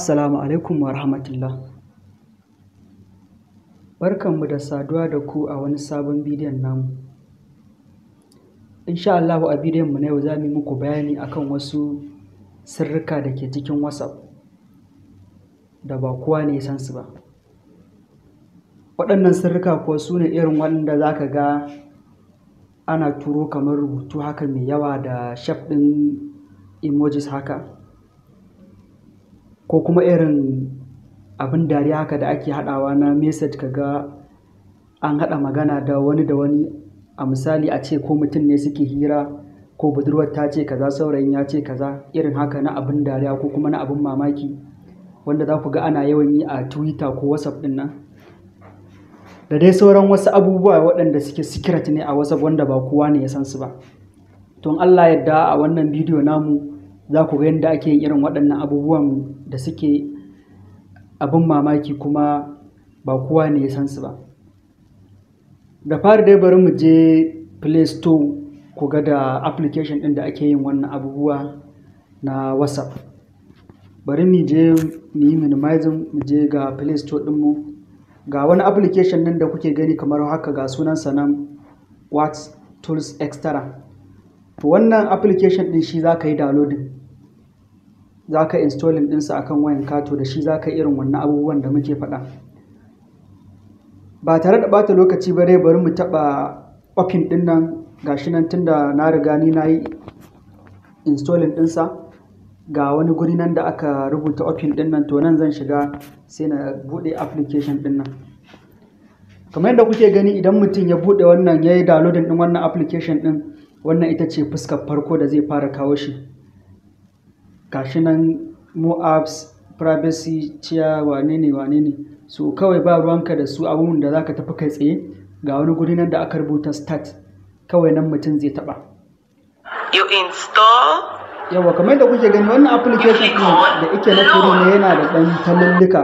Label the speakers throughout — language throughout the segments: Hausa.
Speaker 1: Assalamu alaikum wa rahmatullah. Barkanmu da saduwa da ku a wani sabon bidiyon namu. Insha Allahu a bidiyonmu na yau za mu yi muku bayani akan wasu sirrika da ke cikin WhatsApp da ba kowa ne san su ba. Waɗannan sirrika kuwa su ne irin waɗanda za ka ga ana turo kamar rubutu haka mai yawa da shaf ɗin emojis haka. ko kuma irin abin dariya haka da ake haɗawa na message ka ga an haɗa magana da wani da wani a misali a ce ko mutum ne suke hira ko budurwar ta ce kaza saurayin ya ce kaza irin haka na abin dariya ko kuma na abin mamaki wanda za ku ga ana yawan yi a twitter ko whatsapp ɗin nan da dai sauran wasu abubuwa waɗanda suke secret ne a whatsapp wanda ba kowa ne ya san su ba don allah yadda a wannan bidiyo namu za ku ga yadda ake irin waɗannan abubuwan da suke abin mamaki kuma ba kowa ne ya san su ba da fari dai bari mu je play store ku ga da application ɗin da ake yin wannan abubuwa na whatsapp bari mu je mu yi minimizing mu je ga play store ɗinmu ga wani application nan da kuke gani kamar haka ga sunan nan what tools extra to wannan application ɗin shi za ka yi downloading za ka installing ɗinsa akan wayan kato da shi za ka irin wannan abubuwan da muke faɗa ba tare da ɓata lokaci ba dai bari mu taɓa ofin ɗin nan gashi nan tunda na riga ni na yi installing ɗinsa ga wani guri nan da aka rubuta ofin ɗin nan to nan zan shiga sai na buɗe application ɗin nan kamar yadda kuke gani idan mutum ya buɗe wannan ya yi downloading ɗin wannan application ɗin wannan ita ce fuskar farko da zai fara kawo shi gashi nan Moabs privacy ciya wane ne wane ne so kawai ba ruwanka da su abubuwan da zaka tafi kai tsaye ga wani guri nan da aka rubuta stat kawai nan mutum zai taba you install yawa kamar da kuke gani wannan application din da ike na turo ne yana da ɗan tallallika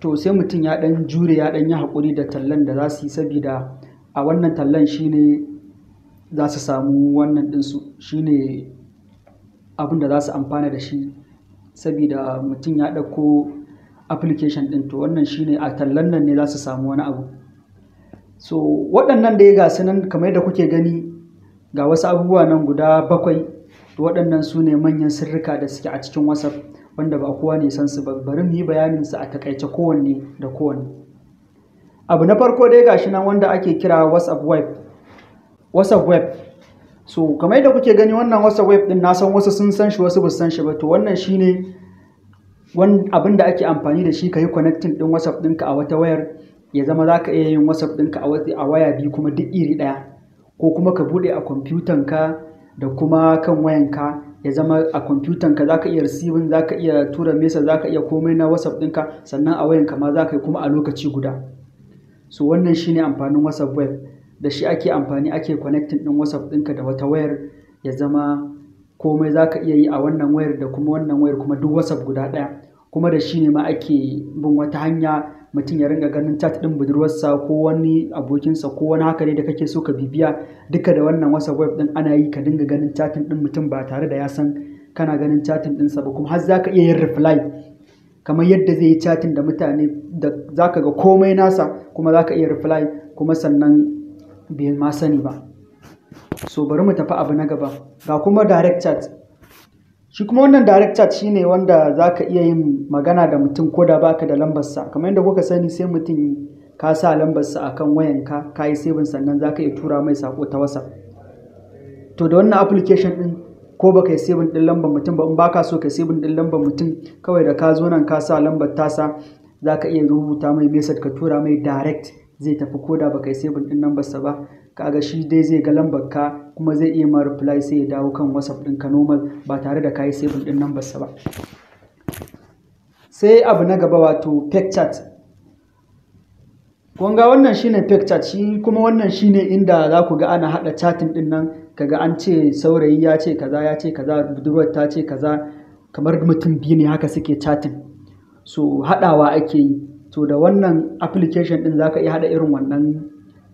Speaker 1: to sai mutum ya dan jure ya ɗan yi hakuri da tallan da za su yi saboda a wannan tallan shine za su samu wannan ɗinsu shine abin da za su amfana da shi saboda mutum ya ɗauko application ɗin to wannan shi ne, a tallan nan ne za su samu wani abu so waɗannan dai ga su nan kamar da kuke gani ga wasu abubuwa nan guda bakwai to waɗannan su ne manyan sirrika da suke a cikin wasaf wanda ba kowa ne san su bari mu yi bayanin su a takaice kowanne da kowanne abu na farko dai shi nan wanda ake kira whatsapp web whatsapp web so kamar yadda kuke gani wannan wasa web din na san wasu sun san shi wasu ba san shi ba to wannan shine abin da ake amfani da shi ka yi connecting din whatsapp ɗinka a wata wayar ya zama za ka iya yin whatsapp ɗinka a waya biyu kuma duk iri daya ko kuma ka bude a ka da kuma kan wayanka ya zama a ka za ka iya receiving za ka iya tura mesa za ka iya komai na whatsapp ɗinka sannan a wayanka ma za ka yi kuma a lokaci guda so wannan shine amfanin whatsapp web da shi ake amfani ake connecting din WhatsApp ɗinka da wata wayar ya zama komai za ka iya yi a wannan wayar da kuma wannan wayar kuma duk WhatsApp guda ɗaya kuma da shi ne ma ake bin wata hanya mutum ya ringa ganin chat ɗin budurwarsa ko wani abokinsa ko wani haka ne da kake so ka bibiya duka da wannan WhatsApp web ɗin ana yi ka dinga ganin chat ɗin mutum ba tare da ya san kana ganin ɗin sa ba kuma har za ka iya yin reply kamar yadda zai yi chatin da mutane da za ka ga komai nasa kuma za ka iya reply kuma sannan Bin ma sani ba so bari mu tafi abu na gaba ga kuma direct chat shi kuma wannan direct chat shine wanda za ka iya yin magana da mutum ko da baka da lambarsa kamar yadda kuka sani sai mutum ka sa lambarsa a kan wayanka ka yi saving sannan za ka iya tura mai sako ta wasa to da wannan application din ko baka yi saving din lambar mutum ba in baka so ka saving din lambar mutum kawai da ka zo nan ka sa lambar tasa za ka iya rubuta mai message ka tura mai direct zai tafi koda da baka yi saving ɗin number sa ba kaga shi dai zai ga lambar ka kuma zai iya ma reply sai ya dawo kan WhatsApp ka normal ba tare da kayi sai saving ɗin number sa ba sai abu na gaba wato fake chat ga wannan shine fake chat shi kuma wannan shine inda za ku ga ana haɗa chatting ɗin nan kaga an ce saurayi ya ce kaza ya ce kaza budurwar ta ce kaza kamar mutum biyu ne haka suke chatting so haɗawa ake yi To da wannan application din zaka iya hada irin wannan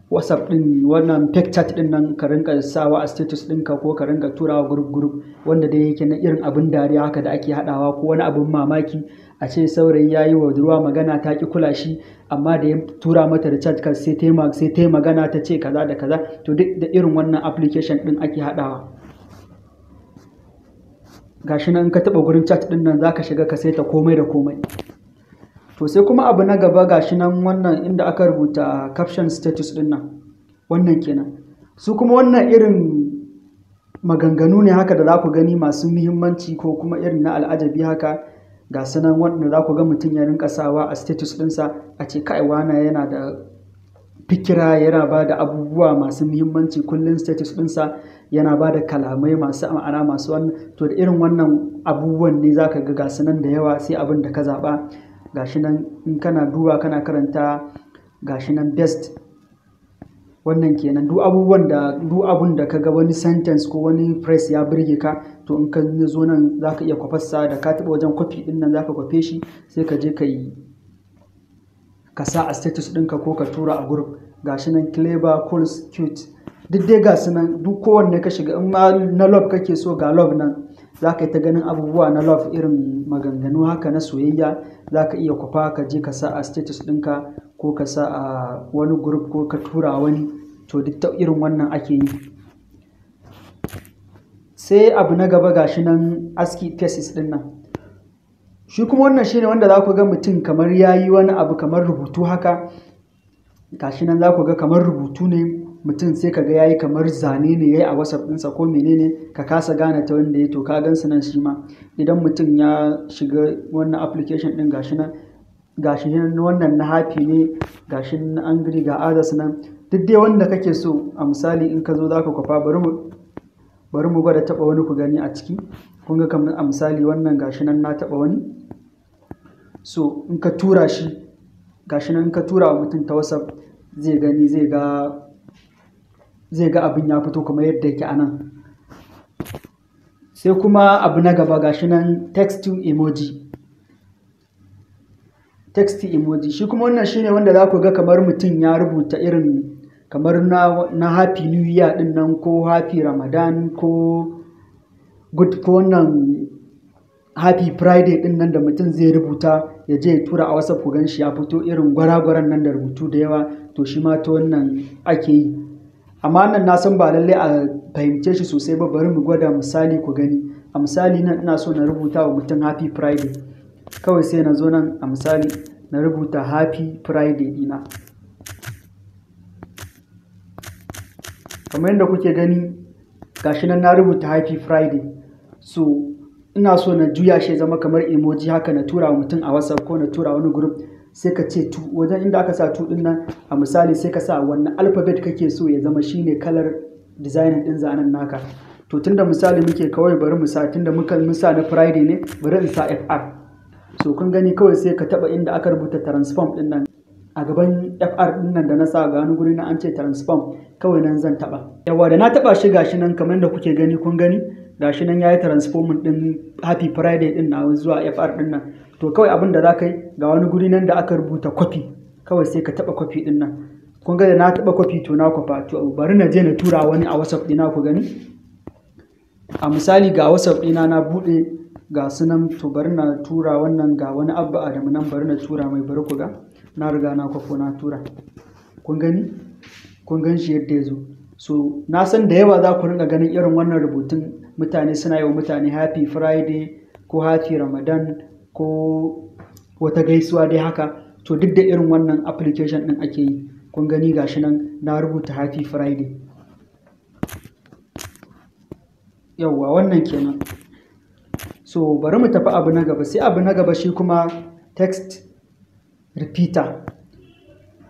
Speaker 1: whatsapp din wannan picture din nan ka rinka sawa a status ɗinka ko ka rinka turawa group group wanda dai yake na irin abin dariya haka da ake hadawa ko wani abin mamaki a ce saurayi ya yi wa ruwa magana ta ki kula shi amma da ya tura mata da chat kan sai ta sai ta magana ta ce kaza da kaza to duk da irin wannan application din ake hadawa gashi nan ka taba gurin chat din nan zaka shiga ka saita komai da komai to sai kuma abu na gaba gashi nan wannan inda aka rubuta caption status din nan wannan kenan su kuma wannan irin maganganu ne haka da za ku gani masu muhimmanci ko kuma irin na al'ajabi haka ga sanan wanda za ku ga mutum ya rinka sawa a status ɗinsa a ce kai wana yana da fikira yana ba da abubuwa masu muhimmanci kullum status ɗinsa yana ba da kalamai masu ma'ana masu wannan to da irin wannan abubuwan ne za ka ga ga sanan da yawa sai abin da ka zaɓa gashi nan in kana duba kana karanta gashi nan best wannan kenan duk abubuwan da duk abun da kaga wani sentence ko wani phrase ya burge ka to in ka zo nan zaka iya kwafarsa da ka taba wajen kwafi din nan zaka kwafe shi sai ka je ka yi ka sa a status ɗinka ko ka tura a group gashi nan clever cool cute duk dai gasu nan duk kowanne ka shiga in ma na love kake so ga love nan za ka yi ta ganin abubuwa na love irin maganganu haka na soyayya za ka iya kwafa ka je ka sa a status ɗinka ko ka sa a wani group ko ka tura wani to duk ta irin wannan ake yi sai abu na gaba gashi nan aski thesis ɗin nan shi kuma wannan shine wanda za ku ga mutum kamar ya yi wani abu kamar rubutu haka gashi nan za ku ga kamar rubutu ne mutum sai ka ga yayi kamar zane ne yayi a WhatsApp ɗinsa ko menene ka kasa gane ta wanda ya to ka gan su nan shi ma idan mutum ya shiga wannan application ɗin gashi nan gashi nan wannan na happy ne gashi na angry ga others nan duk dai wanda kake so a misali in ka zo za ka kwafa bari mu bari mu gwada taɓa wani ku gani a ciki kun ga kamar a misali wannan gashi nan na taɓa wani so in ka tura shi gashi nan in ka tura wa mutum ta whatsapp zai gani zai ga zai ga abin ya fito kamar yadda yake anan sai kuma abu na gaba gashi nan text to emoji text to emoji shi kuma wannan shine wanda za ku ga kamar mutum ya rubuta irin kamar na, na happy new year din nan ko happy ramadan ko good ko wannan happy friday din nan da mutum zai rubuta ya je ya tura a wasa ku gan shi ya fito irin gwara-gwaran nan da rubutu da yawa to shi ma ta wannan ake yi amma nan na san ba lallai a fahimce shi sosai ba bari mu gwada misali ku gani a misali nan ina so na rubuta wa mutum happy friday kawai sai na zo nan a misali na rubuta happy friday dina kamar yadda kuke gani gashi nan na rubuta happy friday so ina so na juya shi zama kamar emoji haka na tura wa mutum a whatsapp ko na tura wani group sai ka ce tu wajen inda aka sa tu din nan a misali sai ka sa wannan alphabet kake so ya zama shine kalar dizayin din zanen naka to tunda misali muke kawai bari mu sa tunda muka mun sa na friday ne bari in sa fr so kun gani kawai sai ka taba inda aka rubuta transform din nan a gaban fr din nan da na sa ga wani guri na an ce transform kawai nan zan taba yawa da na taba shi gashi nan kamar da kuke gani kun gani gashi nan yayi transforming din happy friday din na zuwa fr din nan to kawai abin da za ka yi ga wani guri nan da aka rubuta kwafi kawai sai ka taba kwafi din nan kun ga da na taba kwafi to na kwafa to bari na je na tura wani a whatsapp dina ku gani a misali ga whatsapp dina na bude ga sunan to bari na tura wannan ga wani abba adamu nan bari na tura mai bari ku ga na riga na kwafo na tura kun gani kun gan shi yadda ya zo so na san da yawa za ku rinka ganin irin wannan rubutun mutane suna yi wa mutane happy friday ko happy ramadan ko wata gaisuwa dai haka to duk da irin wannan application din ake yi kun gani gashi nan na rubuta happy friday yawwa wannan kenan so bari mu tafi abu na gaba sai abu na gaba shi kuma text repeater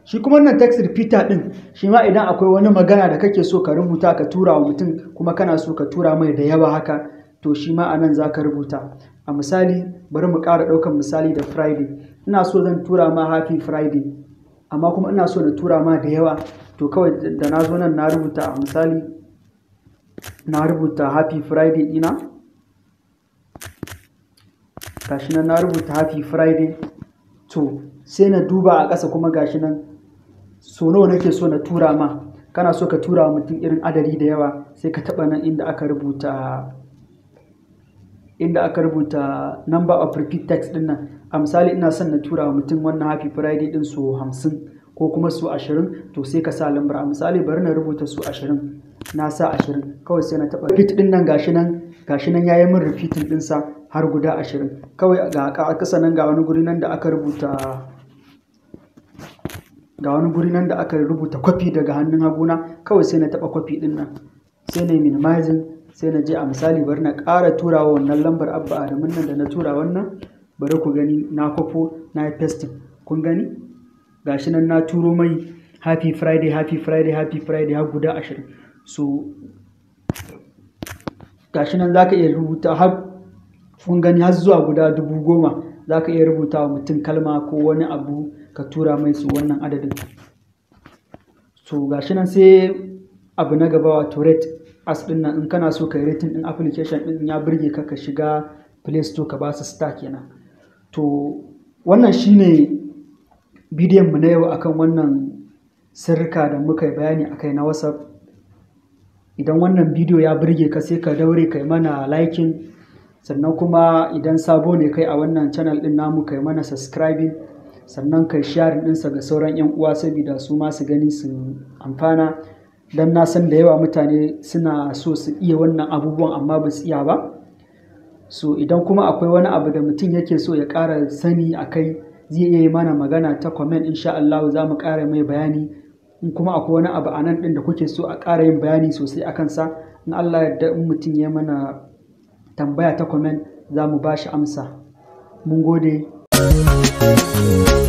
Speaker 1: shi kuma wannan text repeater din shi ma idan akwai wani magana da kake so ka rubuta ka tura wa mutum kuma kana so ka tura mai da yawa haka to shi ma anan za ka rubuta a misali bari mu ƙara ɗaukar misali da friday ina so zan tura ma happy friday amma kuma ina so na tura ma da yawa to kawai da na zo nan na rubuta a misali na rubuta happy friday ina? gashi nan na rubuta happy friday to sai na duba a ƙasa kuma gashi nan so nawa nake so na tura ma kana so ka tura mutum irin adadi da yawa sai ka taɓa nan inda aka rubuta inda aka rubuta number of repeat text din nan a misali ina son na tura mutum wannan happy friday din so 50 ko kuma su 20 to sai ka sa lambar a misali bari na rubuta su 20 na sa 20 kawai sai na taba repeat din nan gashi nan gashi nan yayi min repeating din sa har guda 20 kawai ga a kasa nan ga wani guri nan da aka rubuta ga wani guri nan da aka rubuta kwafi daga hannun haguna kawai sai na taɓa kwafi ɗin nan sai na yi minimizing sai na je a misali bari na ƙara turawa wannan lambar abba damin nan da na tura wannan bari ku gani na kwafo na yi pestin kun gani gashi nan na turo mai happy friday happy friday happy friday har guda ashirin so gashi nan zaka iya rubuta har kun gani har zuwa guda dubu goma zaka iya rubuta wa mutum kalma ko wani abu ka tura mai su wannan adadin so gashi nan sai abu na gaba wato red as din nan in kana so ka yi rating din application din ya burge ka ka shiga play store ka ba su star kenan to wannan shine bidiyon mu na yau akan wannan sirrika da muka yi bayani akai na whatsapp idan wannan bidiyo ya burge ka sai ka daure kai mana liking sannan kuma idan sabo ne kai a wannan channel din namu kai mana subscribing sannan kai sharing dinsa ga sauran 'yan uwa saboda su ma su gani su amfana don na san da yawa mutane suna so su iya wannan abubuwan amma ba su iya ba so idan kuma akwai wani abu da mutum yake so ya ƙara sani a kai zai iya yi mana magana ta comment insha Allah za mu ƙara mai bayani in kuma akwai wani abu a nan ɗin da kuke so a ƙara yin bayani sosai a kansa in Allah yarda in mutum ya mana tambaya ta comment za mu ba shi amsa mun gode Thank you.